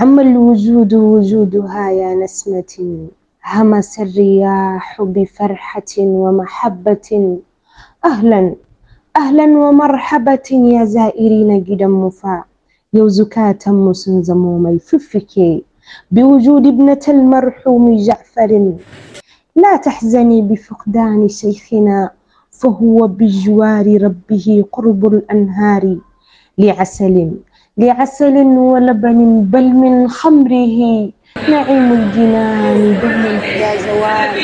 عم الوجود وجودها يا نسمة همس الرياح بفرحة ومحبة أهلا أهلا ومرحبة يا زائرين جدا مفا يوزكا تمس زموم ميففكي بوجود ابنة المرحوم جعفر لا تحزني بفقدان شيخنا فهو بجوار ربه قرب الأنهار لعسل لعسل ولبن بل من خمره نعيم الجنان دم بلا زوال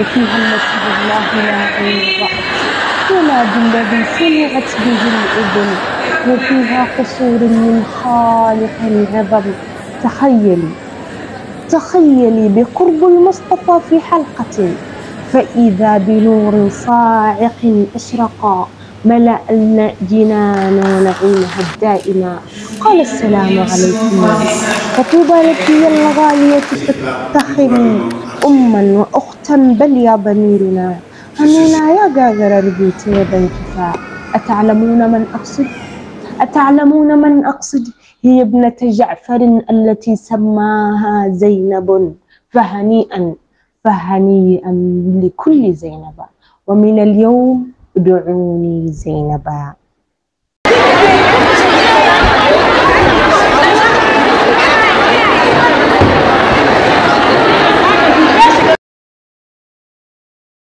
وفيها المسجد الله لا عين ولا بالذي سمعت به الأذن وفيها قصور من خالق عظم تخيلي تخيلي بقرب المصطفى في حلقة فإذا بنور صاعق أشرقا لنا جنانا ونعيمها الدائمة قال السلام عليكم فطوبى لك يا الغالية تفتخري أما وأختا بل يا ضميرنا همينا يا قاذر البيت يا انكفاء أتعلمون من أقصد؟ أتعلمون من أقصد؟ هي ابنة جعفر التي سماها زينب فهنيئا فهنيئا لكل زينب ومن اليوم doon ni Zainaba